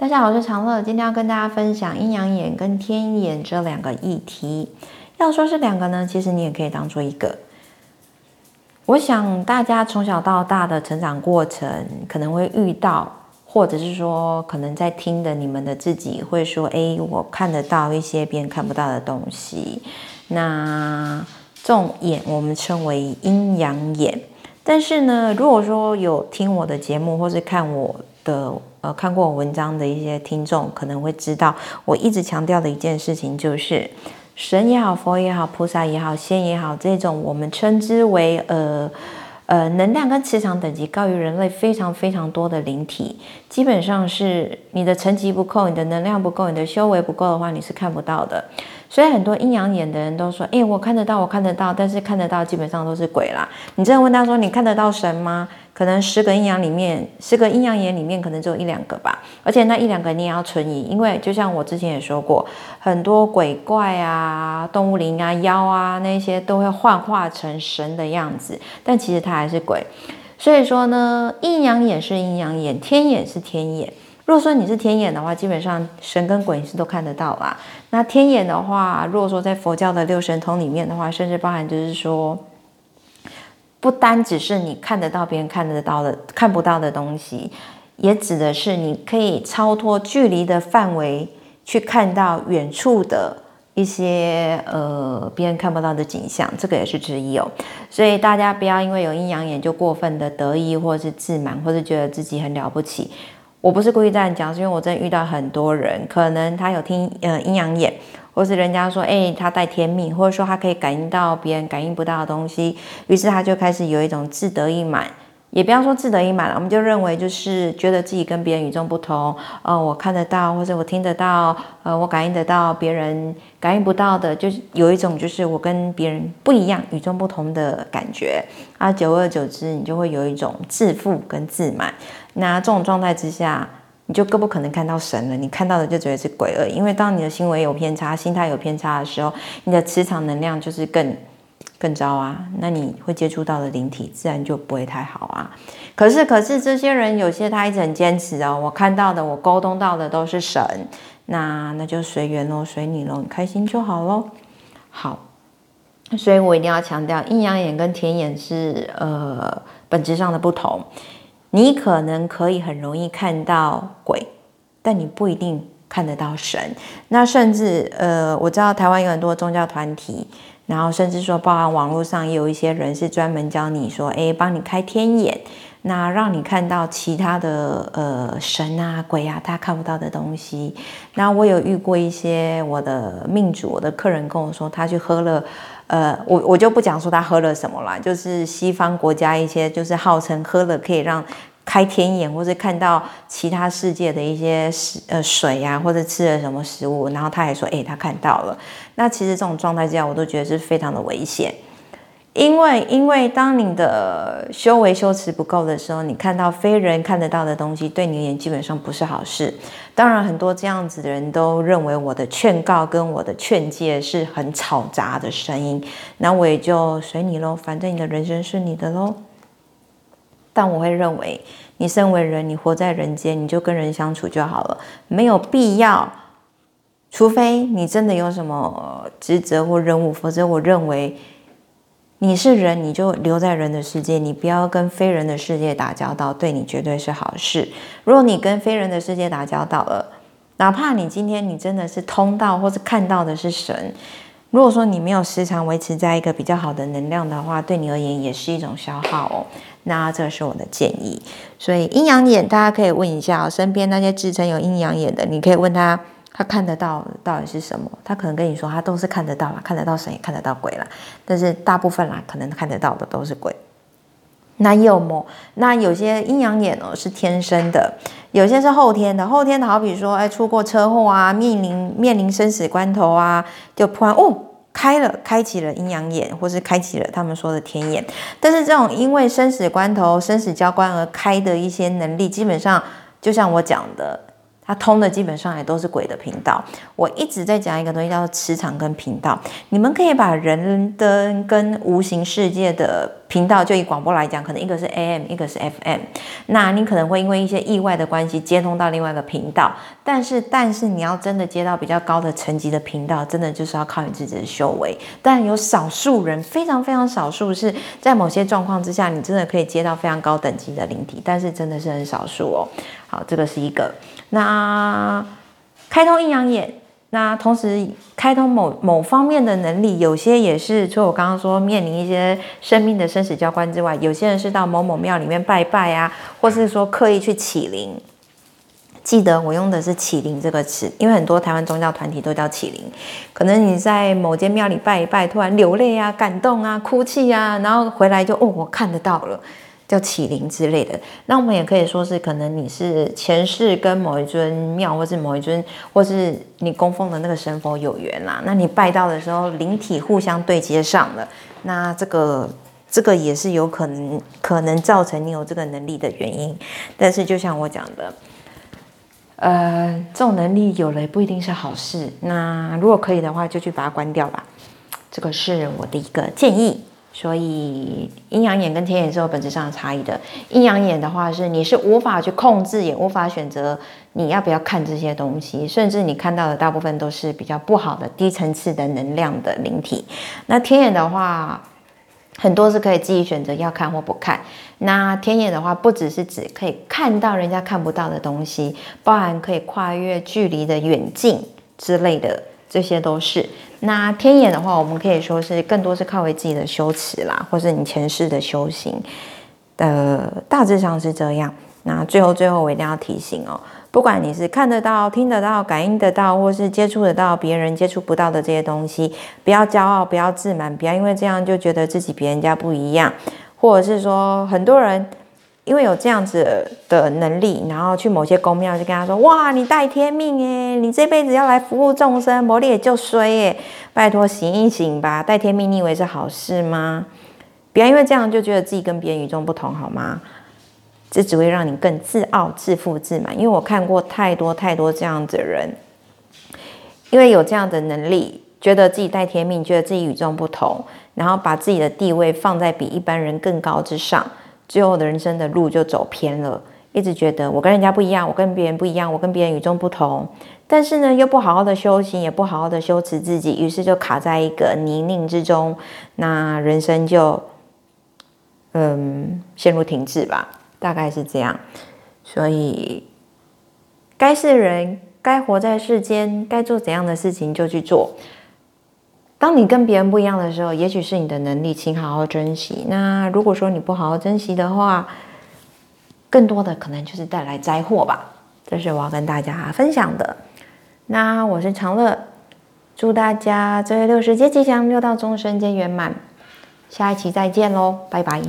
大家好，我是長樂，今天要跟大家分享陰陽眼跟天眼這兩個議題。要說這兩個呢，其實你也可以當做一個。我想大家從小到大的成長過程，可能會遇到，或者是說，可能在聽的你們的自己會說：“哎，我看得到一些別人看不到的東西。那”那這種眼我們稱為陰陽眼。但是呢，如果說有聽我的節目，或是看我的。呃，看過我文章的一些聽眾可能會知道，我一直強調的一件事情就是，神也好，佛也好，菩薩也好，仙也好，這種我們稱之為呃呃能量跟磁場等級高於人類非常非常多的靈體，基本上是你的層級不夠，你的能量不夠，你的修為不夠的話，你是看不到的。所以很多陰陽眼的人都說，誒、欸，我看得到，我看得到，但是看得到基本上都是鬼啦。你真的問他說，你看得到神嗎？可能十個陰陽裡面，十個陰陽眼裡面可能只有一兩個吧，而且那一兩個你也要存疑，因為就像我之前也說過，很多鬼怪啊、動物靈啊、妖啊那些都會幻化成神的樣子，但其實它還是鬼。所以說呢，陰陽眼是陰陽眼，天眼是天眼。如果說你是天眼的話，基本上神跟鬼是都看得到啦。那天眼的話，如果說在佛教的六神通裡面的話，甚至包含就是說。不單只是你看得到別人看得到的看不到的東西，也指的是你可以超脫距離的範圍去看到遠處的一些呃別人看不到的景象，這個也是之一哦。所以大家不要因為有陰陽眼就過分的得意，或是自滿，或是覺得自己很了不起。我不是故意這樣講，是因為我真的遇到很多人，可能他有聽呃陰陽眼。或是人家說，哎、欸，他帶天命，或者說他可以感應到別人感應不到的東西，於是他就開始有一種自得意滿，也不要說自得意滿了，我們就認為就是覺得自己跟別人與眾不同，呃，我看得到，或者我聽得到，呃，我感應得到別人感應不到的，就是有一種就是我跟別人不一樣，與眾不同的感覺啊，久而久之，你就會有一種自負跟自滿，那這種狀態之下。你就更不可能看到神了，你看到的就覺得是鬼而已，因為當你的行為有偏差，心態有偏差的時候，你的磁場能量就是更更糟啊。那你會接觸到的靈體自然就不會太好啊。可是，可是這些人有些他一直很堅持哦，我看到的，我溝通到的都是神，那那就隨緣嘍，隨你嘍，你開心就好嘍。好，所以我一定要強調，陰陽眼跟天眼是呃本質上的不同。你可能可以很容易看到鬼，但你不一定看得到神。那甚至，呃，我知道台灣有很多宗教團體，然後甚至說，包含網絡上也有一些人是專門教你說，欸，幫你開天眼。那讓你看到其他的呃神啊、鬼啊，他看不到的東西。那我有遇過一些我的命主，我的客人跟我說，他去喝了，呃，我我就不講說他喝了什麼啦，就是西方國家一些就是號稱喝了可以讓開天眼，或是看到其他世界的一些食呃水啊，或者吃了什麼食物，然後他還說，欸，他看到了。那其實這種狀態之下，我都覺得是非常的危險。因為，因為當你的修為修持不夠的時候，你看到非人看得到的東西，對你而言基本上不是好事。當然，很多這樣子的人都認為我的勸告跟我的勸誡是很嘈雜的聲音。那我也就隨你咯，反正你的人生是你的咯。但我會認為，你身為人，你活在人間，你就跟人相處就好了，沒有必要。除非你真的有什麼職責或任務，否則我認為。你是人，你就留在人的世界，你不要跟非人的世界打交道，對你絕對是好事。如果你跟非人的世界打交道了，哪怕你今天你真的是通到或是看到的是神，如果說你沒有時常維持在一個比較好的能量的話，對你而言也是一種消耗哦。那這是我的建議。所以陰陽眼，大家可以問一下哦，身邊那些自稱有陰陽眼的，你可以問他。他看得到的到底是什麼？他可能跟你說，他都是看得到啦，看得到神也看得到鬼啦。但是大部分啦，可能看得到的都是鬼。那有麼？那有些陰陽眼哦、喔、是天生的，有些是後天的。後天的好比說，哎，出過車禍啊，面臨面臨生死關頭啊，就突然哦開了，開啟了陰陽眼，或是開啟了他們說的天眼。但是這種因為生死關頭、生死交關而開的一些能力，基本上就像我講的。它通的基本上也都是鬼的頻道。我一直在講一個東西，叫做磁場跟頻道。你們可以把人的跟無形世界的。頻道就以廣播來講，可能一個是 AM，一個是 FM。那你可能會因為一些意外的關係接通到另外一個頻道，但是但是你要真的接到比較高的層級的頻道，真的就是要靠你自己的修為。但有少數人，非常非常少數，是在某些狀況之下，你真的可以接到非常高等級的靈體，但是真的是很少數哦。好，這個是一個。那開通陰陽眼。那同時開通某某方面的能力，有些也是，除了我剛剛說面臨一些生命的生死交關之外，有些人是到某某廟裡面拜拜啊，或是說刻意去啟靈。記得我用的是“啟靈”這個詞，因為很多台灣宗教團體都叫啟靈。可能你在某間廟裡拜一拜，突然流淚啊、感動啊、哭泣啊，然後回來就哦，我看得到了。叫啟靈之類的，那我們也可以說是，可能你是前世跟某一尊廟，或是某一尊，或是你供奉的那個神佛有緣啦、啊。那你拜到的時候，靈體互相對接上了，那這個這個也是有可能可能造成你有這個能力的原因。但是就像我講的，呃，這種能力有了也不一定是好事。那如果可以的話，就去把它關掉吧，這個是我的一個建議。所以，陰陽眼跟天眼是有本質上的差異的。陰陽眼的話是，你是無法去控制，也無法選擇你要不要看這些東西，甚至你看到的大部分都是比較不好的、低層次的能量的靈體。那天眼的話，很多是可以自己選擇要看或不看。那天眼的話，不只是指可以看到人家看不到的東西，包含可以跨越距離的遠近之類的。這些都是。那天眼的話，我們可以說是更多是靠為自己的修持啦，或是你前世的修行，呃，大致上是這樣。那最後最後，我一定要提醒哦，不管你是看得到、聽得到、感應得到，或是接觸得到別人接觸不到的這些東西，不要驕傲，不要自滿，不要因為這樣就覺得自己別人家不一樣，或者是說很多人。因為有這樣子的能力，然後去某些宮廟就跟他說：“哇，你帶天命耶！你這輩子要來服務眾生，魔力也就衰耶。」拜托醒一醒吧，帶天命你以為是好事嗎？不要因為這樣就覺得自己跟別人與眾不同好嗎？這只會讓你更自傲、自負、自滿。因為我看過太多太多這樣子的人，因為有這樣的能力，覺得自己帶天命，覺得自己與眾不同，然後把自己的地位放在比一般人更高之上。”最後的人生的路就走偏了，一直覺得我跟人家不一樣，我跟別人不一樣，我跟別人與眾不同。但是呢，又不好好的修行，也不好好的修持自己，於是就卡在一個泥濘之中，那人生就嗯陷入停滯吧，大概是這樣。所以，該是人，該活在世間，該做怎樣的事情就去做。當你跟別人不一樣的時候，也許是你的能力，請好好珍惜。那如果說你不好好珍惜的話，更多的可能就是帶來災禍吧。這是我要跟大家分享的。那我是常樂，祝大家這月六時皆吉祥，六道眾生皆圓滿。下一期再見嘍，拜拜。